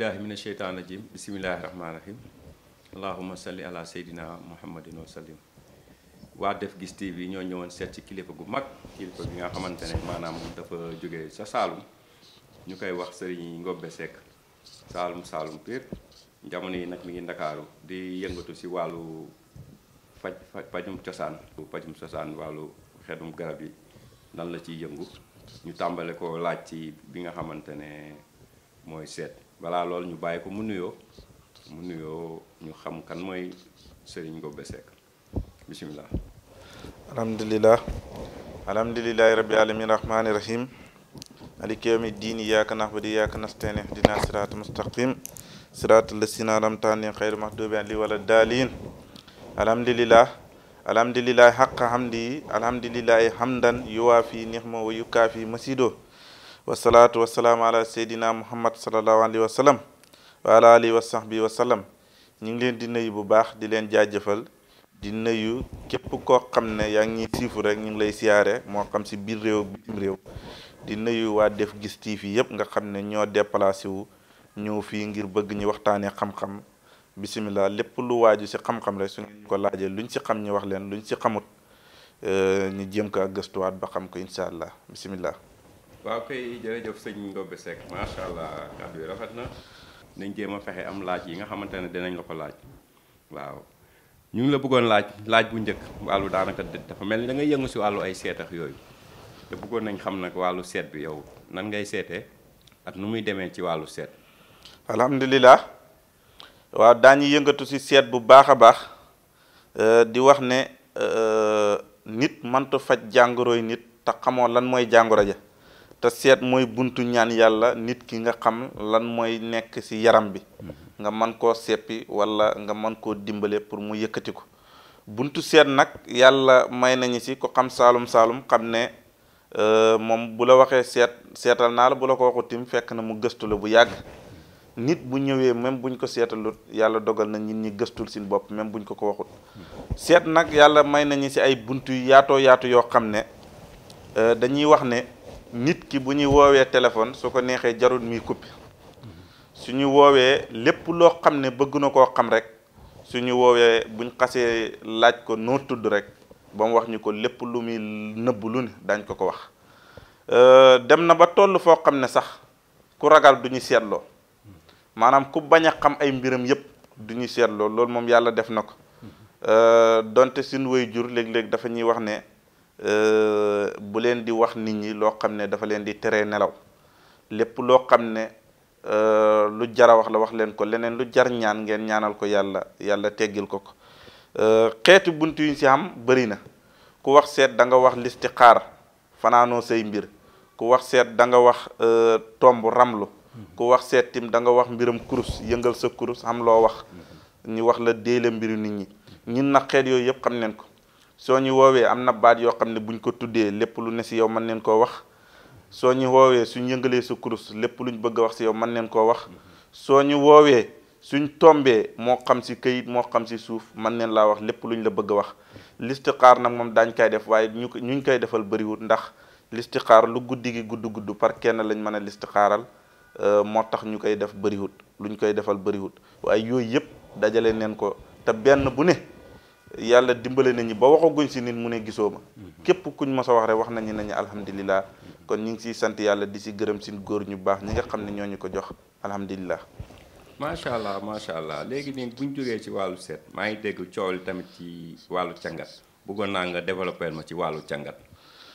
billahi min asheytaan rajim bisimillahi rahmaani rahim allahuma salli ala seydina muhammadin wa waa Def Gis TV ñoo ñëwoon seet ci kilifa gu mag kilifa gi nga xamante ne maanaam dafa jóge sa saalum ñu koy wax sëriñ Ngobé Seck saalum saalum piir jamono yi nag mi ngi ndakaaru di yëngatu si wàllu faj pajum cosaan pajum cosaan wàllu xetum garab yi nan la ci yëngu ñu tàmbale ko laaj ci bi nga xamante ne mooy seet balaa loolu ñu bàyyi ko mu nuyoo mu nuyoo ñu xam kan mooy Serigne Ngobe Seck bisimilah. alhamdulilah alhamdulilahi rabbil alamin rahmaani rahim maliki yawmi diin iyyaka a wa iyyaka nasta'iin ihdina siraatal mustaqim siraatal laziina an'amta alayhim wasalaatu wasalaamu ala seydina muhammad salallahu alayhi wa sallam wa ala alihi wa ñu ngi leen di nuyu bu baax di leen jaajëfal di nuyu képp ko xam ne yaa ngi siifu rek ñu ngi lay siyaare moo xam si biir réew bitim réew di nuyu waa def gis TV yëpp nga xam ne ñoo déplacé wu ñëw fii ngir bëgg ñu waxtaanee xam-xam lépp lu waaju si xam-xam rek su ngeen ko laajee luñ si xam ñu wax leen lu ñu si xamut euh, ñu jéem ko ak gëstuwaat ba xam ko incha allah bisimilah. waaw kay jërëjëf sëñ Ndobe Seck macha allah kàddu yi rafet na nañ jéem a fexe am laaj yi nga xamante ne dinañ la ko laaj waaw ñu ngi la bëggoon laaj laaj bu njëkk wàllu daanaka dafa mel ni da yëngu si wàllu ay seet yooyu bëggoon nañ xam nag wàllu seet bi yow nan ngay seetee ak nu muy demee ci wàllu seet. alhamdulilah waaw daañu yëngatu si seet bu baax a baax euh, di wax ne euh, nit mënta faj jàngoroy nit te xamoo lan mooy jàngoro ja te seet mooy buntu ñaan yàlla nit ki nga xam lan mooy nekk ci yaram bi mm-hmm. nga man koo seppi wala nga mën koo dimbale pour mu yëkkati ko buntu seet nag yàlla may nañu ci ko xam saalum saalum xam ne euh, moom bu la waxee seet seetal naa la bu la ko waxu tim fekk na mu gëstu la bu yàgg mm-hmm. nit bu ñëwee même buñ ko seetalut yàlla dogal na nit ñi gëstul seen bopp même buñ ko ko waxut mm-hmm. may nañu ci ay buntu yaatoo yaatu yoo xam ne euh, dañuy wax ne nit ki bu ñuy woowee téléphone su ko neexee jarul muy coupé su ñu woowee lépp loo xam ne bëgguna koo xam rek su ñu woowee buñ xasee laaj ko noo tudd rek ba mu wax ñu ko lépp lu muy nëbb lu ne dañ ko ko wax. Euh, dem na ba toll foo xam ne sax ku ragal du ñu seetloo maanaam ku bañ a xam ay mbiram yépp du ñu seetloo loolu moom yàlla def na ko euh, donte suñu woy jur léeg-léeg dafa ñuy wax ne. bu leen di wax nit ñi loo xam ne dafa leen di teree nelaw lépp loo xam ne euh, lu jara wax la wax leen ko leneen lu jar ñaan ngeen ñaanal ko yàlla yàlla teggil ko ko euh, xeetu bunt yuñ si am bëri na ku wax seet da nga wax listixaar fanaanoo say mbir ku wax seet da nga wax euh, tomb ramlu ku wax seetim tim da nga wax mbiram kurus yëngal sa kurus am loo wax ñu wax la déele mbiru nit ñi ñun nag xeet yooyu yëpp xam neen ko soo ñu woowee am na baat yoo xam ne buñ ko tuddee lépp lu ne si yow man neen koo wax soo ñu woowee suñ yëngalee su kurus lépp lu ñu bëgg a wax si yow man neen koo wax soo ñu woowee suñ tombee moo xam si kayit moo xam si suuf mën neen laa wax lépp luñ la bëgg a wax xaar nag moom daañ koy def waaye ñu ñu koy defal bëriwul ndax listixaar lu guddi gi gudd gudd par kenn lañ mën a listixaaral euh, moo tax ñu koy def bëriwut luñ koy defal bëriwut waaye yooyu yëpp dajale neen ko te benn bu ne yàlla dimbale nañu ba waxaguñ si nit mu ne gisoo ma mhm. képp kuñ mas a wax rek wax nañu nañu alhamdulilah kon ñu ngi siy sant yàlla di si gërëm sin góor ñu baax ñi nga xam ne ñoo ñu ko jox alhamdulilah. macha allah macha allah léegi nii bu ñu ci wàllu seet maa ngi dégg coow li ci wàllu càngat bëggoon naa nga développé ma ci wàllu càngat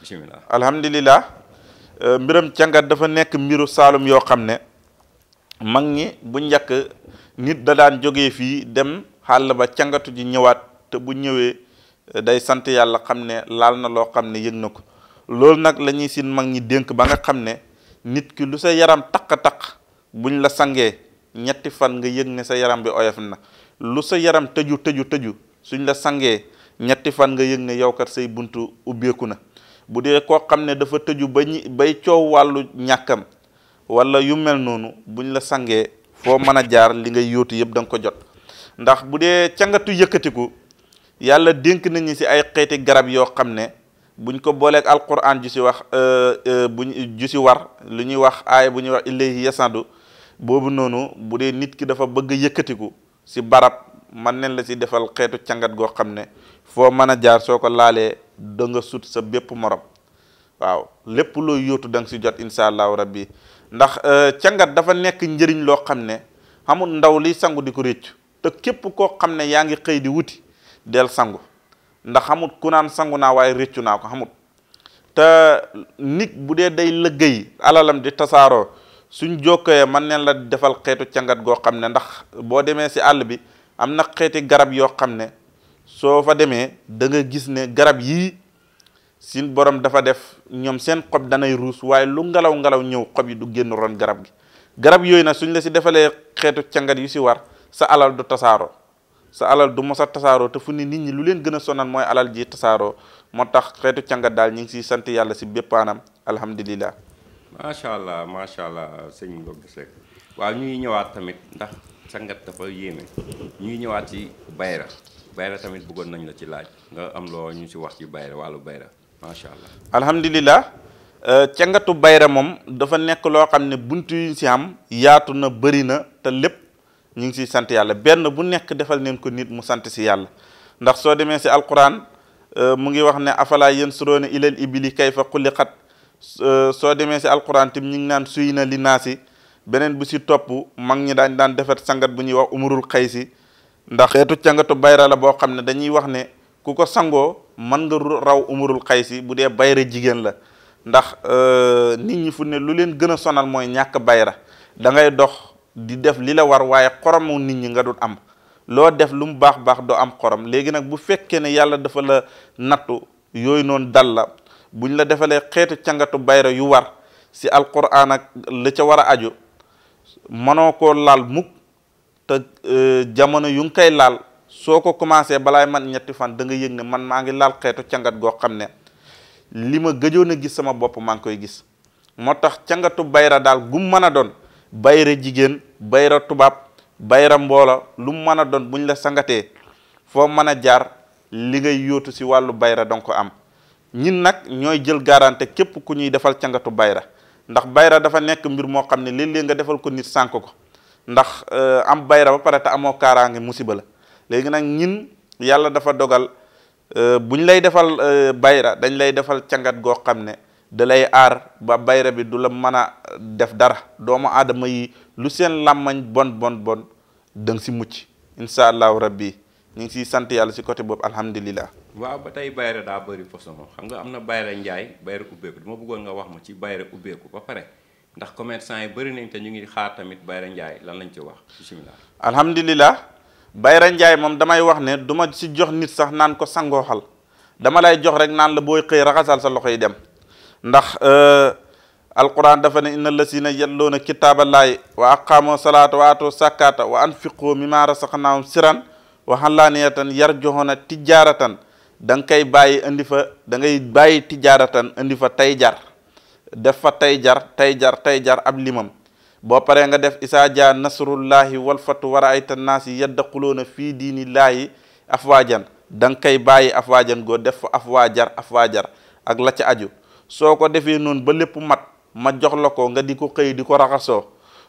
bisimilah. alhamdulilah euh, mbiram cangat dafa nekk mbiru saalum yoo xam ne mag ñi bu njëkk nit da daan jógee fii dem xàll ba cangatu ji ñëwaat. te bu ñëwee day sant yàlla xam ne laal na loo xam ne yëg na ko loolu nag la ñuy sin mag ñi dénk ba nga xam ne nit ki lu sa yaram taq-taq buñ la sangee ñetti fan nga yëg ne sa yaram bi oyof na lu sa yaram tëju tëju tëju suñ la sangee ñetti fan nga yëg ne yow kat say buntu ubbeeku na bu dee koo xam ne dafa tëju ba ñi bay coow wàllu ñàkkam wala yu mel noonu buñ la sangee foo mën a jaar li ngay yóotu yëpp danga ko jot ndax bu dee cangatu yëkkatiku yàlla dénk nañu si ay xeeti garab yoo xam ne buñ ko booleeg alquran ju si wax euh, euh, bu ju si war lu ñuy wax aaya bu ñuy wax ilayhi yasadu boobu noonu bu dee nit ki dafa bëgg yëkkatiku si barab man nañ la si defal xeetu càngat goo xam ne foo mën a jaar soo ko laalee da nga sut sa bépp morom waaw lépp looy yootu da nga si jot incha allahu rabbi ndax euh, cangat dafa nekk njëriñ loo xam ne xamul ndaw li sangu di ko réccu te képp koo xam ne yaa ngi xëy di wuti del sangu ndax xamut ku naan sangu naa waaye réccu naa ko xamut te nit bu dee day lëggéey alalam di tasaaroo suñ jokkee man neen la defal xeetu cangat goo xam ne ndax boo demee si àll bi am na xeeti garab yoo xam ne soo fa demee danga gis ne garab yii sin borom dafa def ñoom seen xob danay ruus waaye lu ngelaw ngelaw ñëw xob yi du génn ron garab gi garab yooyu nag suñ la si defalee xeetu cangat yu si war sa alal du tasaaroo sa alal du mosa tasaaroo te fu ni nit ñi lu leen gën a sonal mooy alal ji tasaaroo moo tax xeetu càngat daal ñu ngi siy sant yàlla si béppaanam anam alhamdulilah. macha allah macha allah sëñ Gobe Seck waaw ñuy ñëwaat tamit ndax càngat dafa yéeme ñuy ñëwaat ci bayra bayra tamit bëggoon nañ la ci laaj am loo ñu si wax ci bayra wàllu bayra macha allah. alhamdulilah euh, càngatu bayra moom dafa nekk loo xam ne bunt yu ñu si am yaatu na bëri na te lépp. ñu ngi siy sant yàlla benn bu nekk defal neen ko nit mu sant si yàlla ndax soo demee si alquran euh, mu ngi wax ne afala yéen suróone ilal ibili kayfa xuliqat euh, soo demee si alquran tim ñu ngi naan suy na li naasi beneen bu si topp mag ñi daañ daan defar sangat bu ñuy wax umurul xay si ndax xeetu cangatu bayra la boo xam ne dañuy wax ne ku ko sangoo mën nga raw umurul xay si bu dee bayra jigéen la ndax euh, nit ñi fu ne lu leen gën a sonal mooy ñàkk bayra da di def li la war waaye xoromu nit ñi nga dul am loo def lu mu baax baax doo am xorom léegi nag bu fekkee ne yàlla dafa la nattu yooyu noonu dal la buñ la defalee xeetu cangatu bayra yu war si alquran ak la ca war a aju mënoo ko laal mukk te e, jamono yu ngi koy laal soo ko commencé balaay man ñetti fan danga nga yëg ne man maa ngi laal xeetu cangat goo xam ne li ma gëjoon a gis sama bopp maa ngi koy gis moo tax cangatu bayra daal gum mën a doon bayra jigéen bayra tubaab bayra mboola lu mu mën a doon bu ñu la sangatee foo mën a jaar li ngay yóotu si wàllu bayra danga ko am ñin nag ñooy jël garante képp ku ñuy defal cangatu bayra ndax bayra dafa nekk mbir moo xam ne léeg-léeg nga defal ko nit sànk ko ndax euh, am bayra te amoo kaaraange musiba la léegi nag ñin yàlla dafa dogal euh, bu buñ lay defal euh, bayra dañ lay defal cangat goo xam ne da lay aar ba bayra bi du la mën a def dara doomu aadama yi lu seen làmmañ bon bon bon danga si mucc incha allahu rabbi ñu ngi siy sant yàlla si côté boobu alhamdulilah. waaw ba tey bayra daa bëri façon xam nga am na bayra njaay bayra ubbeeku bëggoon nga wax ma ci bayra ubbeeku ba pare ndax commerçant yi bëri nañ te ñu ngi xaar tamit bayra njaay lan lañ ci wax bisimilah. alhamdulilah bayra njaay moom damay wax ne duma si jox nit sax naan ko sangooxal dama lay jox rek naan la booy xëy raxasal sa loxo yi dem. ndax euh, alquran dafa ne inna allasina yalloona kitaaballahi wa aqaamoo salaata wa aatoo sakkaata wa anfiqoo mimma rasaqnaahum siran wa xalaaniyatan yarjuuna tijaaratan da nga koy bàyyi indi fa da ngay bàyyi tijaaratan indi fa tey jar def fa tey jar tey jar tey jar ab limam boo paree nga def isaa jaa nasrullahi wal fatu wa raayta naasi yaddaxuluuna fii diinillaahi afwaajan da nga koy bàyyi afwaajan goo def fa afwaajar afwaajar ak la ca aju soo ko defee noonu ba lépp mat ma jox la ko nga di ko xëy di ko raxasoo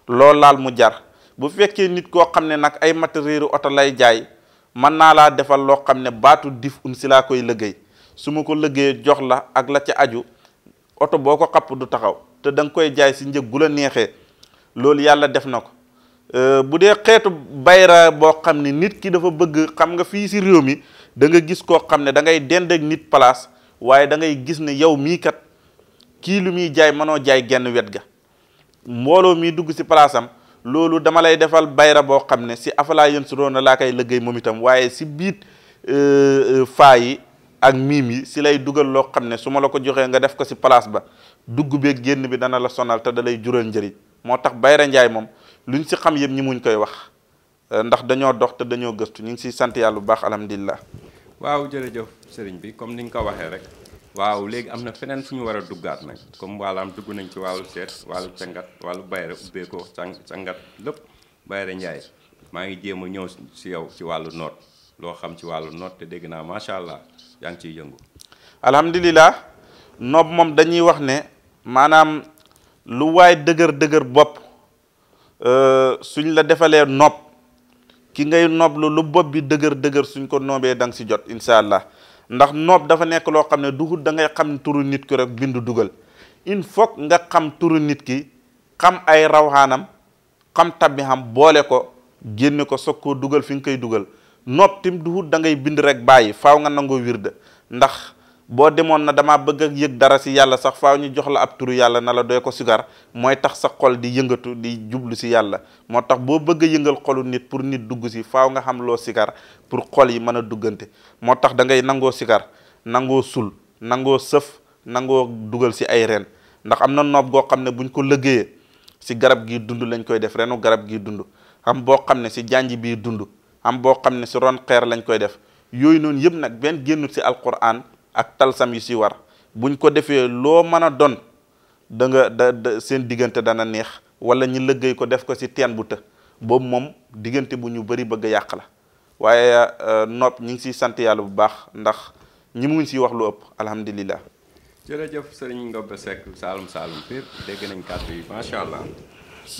loolu laal mu jar bu fekkee nit koo xam ne nag ay matérielu oto lay jaay mën naa laa defal loo xam ne baatu dif un si laa koy liggéey su ma ko liggéeyee jox la ak la ca aju oto boo ko xapp du taxaw te da nga koy jaay si njëg gu la neexee loolu yàlla def na ko euh, bu dee xeetu bayra boo xam ne nit ki dafa bëgg xam nga fii si réew mi da nga gis koo xam ne dangay ngay dend ak nit place waaye da gis ne yow mii kii lu muy jaay manoo jaay genn wet ga mbooloo mi dugg si palaasam loolu dama lay defal bayra boo xam ne si afalaa yén su doon laa koy lëggéey moom itam waaye si biit euh, euh, faa yi ak miim yi si lay dugal loo xam ne su ma la ko joxee nga def ko si palaas ba dugg beeg génn bi dana la sonal te dalay jural njëriñ moo tax bayra njaay moom lu luñ si xam yëpp ñi muñ koy wax euh, ndax dañoo dox te dañoo gëstu ñu ngi siy sant yàlla bu baax alhamdulilah. waaw jërëjëf sëriñ bi comme ni nga ko waxee rek. waaw léegi am na feneen fu ñu war a duggaat nag comme waalaam dugg nañ ci wàllu seet wàllu cangat wàllu bayre ubbeekoo càng cangat lépp bayre njaay maa ngi jéem a ñëw si yow ci wàllu noot loo xam ci wàllu noot te dégg naa macha allah yaa ngi ciy yëngu. alhamdulilah noob moom dañuy wax ne maanaam lu waay dëgër dëgër bopp euh, suñ la defalee nopp ki ngay nopp lu lu bopp bi dëgër dëgër suñ ko noobee da nga si jot incha allah. ndax noob dafa nekk loo xam ne duhut da ngay xam turu nit ki rek bindu dugal il foog nga xam turu nit ki xam ay rawxaanam xam tabbi xam boole ko génne ko soog koo dugal fi nga koy dugal noob tim duhut da ngay bind rek bàyyi faw nga nangoo wirda ndax boo demoon na dama bëgg a yëg dara si yàlla sax faaw ñu jox la ab turu yàlla na la doy ko sugar mooy tax sa xol di yëngatu di jublu si yàlla moo tax boo bëgg a yëngal xolu nit pour nit dugg si faaw nga xam loo sigar pour xol yi mën a duggante moo tax da ngay nangoo sigar nangoo sul nangoo sëf nangoo dugal si ay ren ndax am na noob goo xam ne buñ ko liggéeyee si garab gii dund lañ koy def renu garab gi dund am boo xam ne si jànj bii dund am boo xam ne si ron xeer lañ koy def yooyu noonu yëpp nag benn génnut si alquran ak talsam yu si war buñ ko defee loo mën a don da nga da seen diggante dana neex wala ñu lëggéey ko def ko si teen bu të boobu moom diggante bu ñu bëri bëgg a yàq la waaye euh, nopp ñi ngi siy sant yàlla bu baax ndax ñi mu ngi siy wax lu ëpp alhamdulilah. jërëjëf sëriñ Ngobé Seck Saalum Saalum Pire dégg nañ kàddu yi macha allah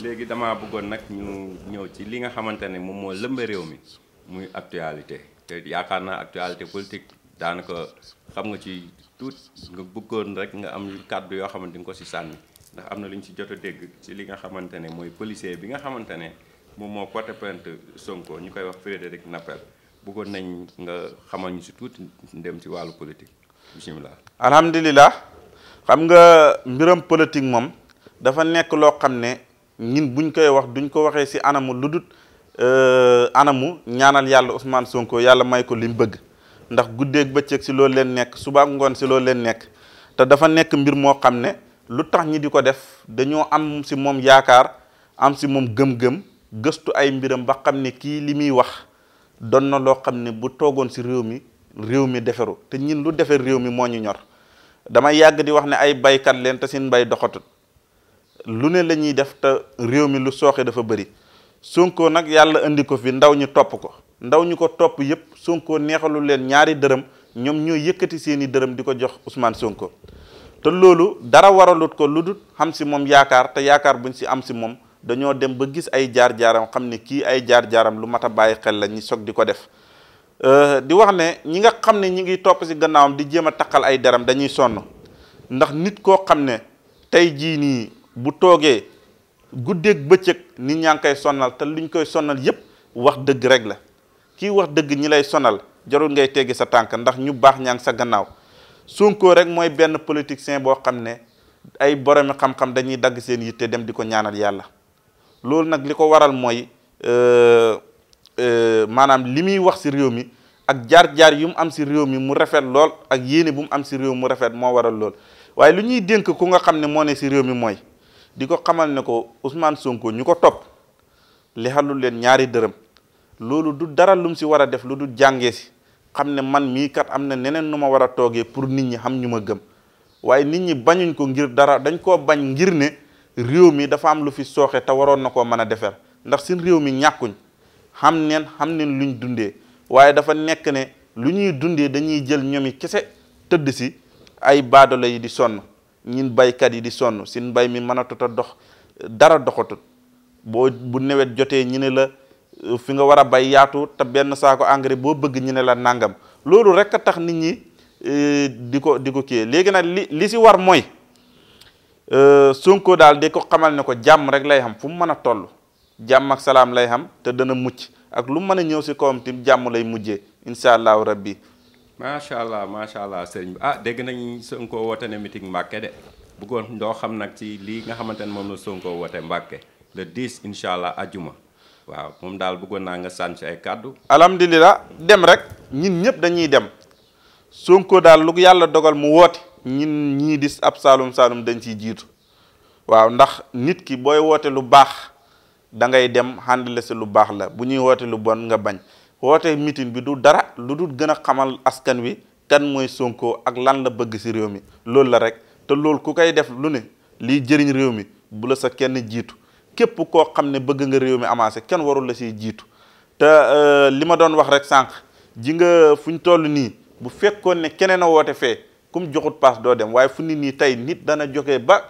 léegi damaa bëggoon nag ñu ñëw ci li nga xamante ne moom moo lëmba réew mi muy actualité te yaakaar naa actualité politique. daanaka xam nga ci tuut nga bëggoon rek nga am kàddu yoo xamante ni ko si sànni ndax am na lu ñu si jot a dégg ci li nga xamante ne mooy policier bi nga xamante ne moom moo porté plainte Sonko ñu koy wax rek Nappel bëggoon nañ nga xamal ñu si tuuti dem si wàllu si politique bisimilah. alhamdulilah xam nga mbiram politique moom dafa nekk loo xam ne ñun buñ koy wax duñ ko waxee si anamu lu dut euh, anamu ñaanal yàlla Ousmane Sonko yàlla may ko li mu bëgg. ndax guddeeg bëccëg si loolu leen nekk suba ngoon si loolu leen nekk te dafa nekk mbir moo xam ne lu tax ñi di ko def dañoo am si moom yaakaar am si moom gëm-gëm gëstu ay mbiram ba xam ne kii li muy wax doon na loo xam ne bu toogoon si réew mi réew mi deferu te ñin lu defer réew mi moo ñu ñor damay yàgg di wax ne ay baykat leen te seen bay doxatut lu ne lañuy def te réew mi lu sooxee dafa bari Sonko nag yàlla indi ko fi ndaw ñi topp ko ndaw ñi ko topp yépp Sonko neexalu leen ñaari dërëm ñoom ñoo yëkkati seeni dërëm di ko jox Ousmane Sonko te loolu dara waralut ko lu dul xam si moom yaakaar te yaakaar buñ si am si moom dañoo dem ba gis ay jaar-jaaram xam ne kii ay jaar-jaaram lu mat a bàyyi xel la ñi soog di ko def euh, di wax ne ñi nga xam ne ñi ngi topp si gannaawam di jéem a taqal ay deram dañuy sonn ndax nit koo xam ne tey jii nii bu toogee guddeeg bëccëg nit ñaa koy sonal te ñu koy sonal yépp wax dëgg rek la ki wax dëgg ñi lay sonal jarul ngay teggi sa tànk ndax ñu baax ñaa sa gannaaw Sonko rek mooy benn politicien boo xam ne ay boromi xam-xam dañuy dagg seen yitte dem di ko ñaanal yàlla loolu nag li ko waral mooy euh, euh, maanaam li muy wax si réew mi ak jaar-jaar yu mu am si réew mi mu rafet lool ak yéene bu mu am si réew mu rafet moo waral lool waaye lu ñuy dénk ku nga xam ne moo ne ci réew mi mooy di ko xamal ne ko Ousmane Sonko ñu ko topp li leen ñaari dërëm loolu du dara lum si war a def lu du jàngee si xam ne man mii kat am na neneen nu ma war a toogee pour nit ñi xam ñu ma gëm waaye nit ñi bañuñ ko ngir dara dañ koo bañ ngir ne réew mi dafa am lu fi sooxee te waroon na koo mën a defar ndax seen réew mi ñàkkuñ xam neen xam neen luñ dundee waaye dafa nekk ne lu ñuy dundee dañuy jël ñoom yi kese tëdd si ay baadoolo yi di sonn ñun baykat yi di sonn sin mbay mi mënatut a dox dara doxatut boo bu nawet jotee ñu ne la euh, fi nga war a bay yaatu te benn saako engrais boo bëgg ñu ne la nangam loolu rek a tax nit ñi euh, di ko di ko kii léegi nag li li si war mooy euh, sunkoo daal di ko xamal ne ko jàmm rek lay xam fu mu mën a toll jàmm ak salaam lay xam te dana mucc ak lu mën a ñëw si kawam tim jàmm lay mujjee incha allahu rabbi macha allah macha allah sëriñ bi ah dégg nañ Sonko woote ne meeting Mbàkke de bëggoon doo xam nag ci lii nga xamante ne moom la Sonko woote Mbàkke le 10 incha allah ajuma waaw moom daal bëggoon naa nga sànni si ay kàddu. alhamdulilah dem rek ñun ñëpp dañuy dem Sonko daal lu yàlla dogal mu woote ñun ñii di ab saalum saalum dañ ciy jiitu waaw ndax nit ki booy woote lu baax da ngay dem handle si lu baax la bu ñuy woote lu bon nga bañ. woote meeting bi du dara lu dul gën a xamal askan wi kan mooy Sonko ak lan la bëgg ci réew mi loolu la rek te loolu ku koy def lu ne lii jëriñ réew mi bu la sa kenn jiitu képp koo xam ne bëgg nga réew mi avancé kenn warul la siy jiitu te euh, li ma doon wax rek sànq ji nga fu ñu toll nii bu fekkoon ne keneen a woote fee kum joxut paas doo dem waaye fu nit nii tey nit dana joxe ba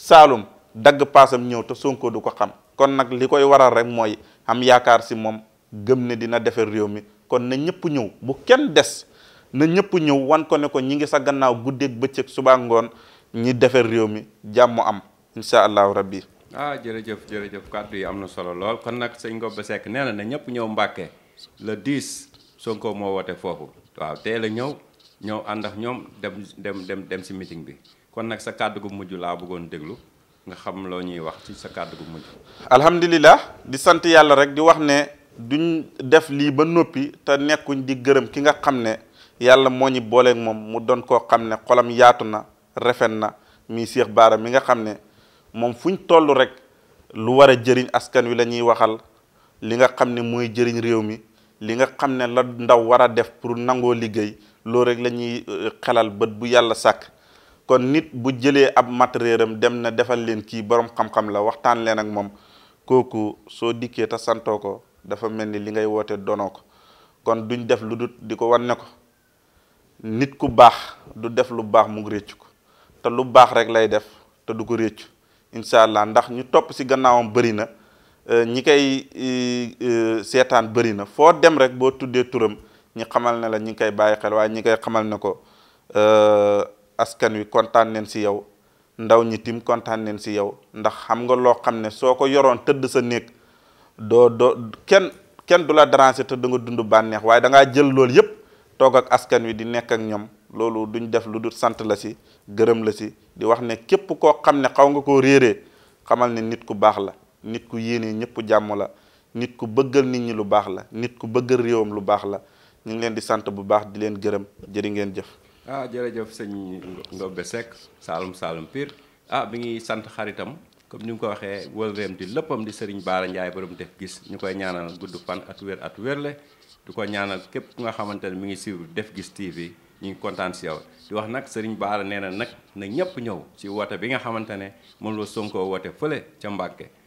Saalum dagg paasam ñëw te Sonko du ko xam kon nag li koy waral rek mooy am yaakaar si moom gëm ne dina defar réew mi kon na ñëpp ñëw bu kenn des na ñëpp ñëw wan ko ne ko ñi ngi sa gannaaw guddeeg bëccëg subaa ngoon ñi defar réew mi jàmm am incha allahu rabbi ah jërëjëf jërëjëf kàddu yi am na solo lool kon nag sëñ ba sekk nee na na ñëpp ñëw Mbàkke le 10 Sonko moo woote foofu waaw teel a ñëw ñëw ànd ak ñoom dem dem dem dem si meeting bi kon nag sa kàddu gu mujj laa bëggoon déglu nga xam loo ñuy wax ci sa kàddu gu mujj. alhamdulilah duñ def lii ba noppi te nekkuñ di gërëm ki nga xam ne yàlla moo ñu booleeg moom mu doon koo xam ne xolam yaatu na rafet na mi Cheikh baaram mi nga xam ne moom fuñ toll rek lu war a jëriñ askan wi la ñuy waxal li nga xam ne mooy jëriñ réew mi li nga xam ne la ndaw war a def pour nangoo liggéey loolu rek la ñuy euh, xelal bët bu yàlla sàkk kon nit bu jëlee ab matériel am dem na defal leen kii borom xam-xam la waxtaan leen ak moom kooku soo dikkee te santoo ko dafa mel ni li ngay woote donoo ko kon duñ def lu dut di ko wan ne ko nit ku baax du def lu baax mu réccu ko te lu baax rek lay def te du ko réccu incha allah ndax ñu topp ci gannaawam bëri na euh, ñi koy seetaan bëri na foo dem rek boo tuddee turam ñi xamal ne la ñi ngi koy bàyyi xel waaye ñi koy xamal ne ko euh, askan wi kontaan neen ci yow ndaw ñi tim kontaan neen ci yow ndax xam nga loo xam ne soo ko yoroon tëdd sa néeg doo doo kenn kenn du la déranger te da nga dund bànneex waaye da jël loolu yëpp toog ak askan wi di nekk ak ñoom loolu duñ def lu dul sant la si gërëm la si di wax ne képp koo xam ne xaw nga koo réeree xamal ne nit ku baax la nit ku yéenee ñëpp jàmm la nit ku bëggal nit ñi lu baax la nit ku bëggal réewam lu baax la ñu ngi leen di sant bu baax di leen gërëm jëri ngeen jëf ah jërëjëf sëñ Ndobé Seck Saalum Saalum piir ah bi ngi sant xaritam comme ni mu ko waxee wëlbeem di léppam di Serigne Bara Ndiaye borom def gis ñu koy ñaanal gudd fan at wér at wérle di ko ñaanal képp ku nga xamante ne mi ngi suivre def gis TV ñu ngi kontaan si yow di wax nag Serigne Bara nee na nag na ñëpp ñëw si woote bi nga xamante ne moom la Sonko woote fële ca Mbàkke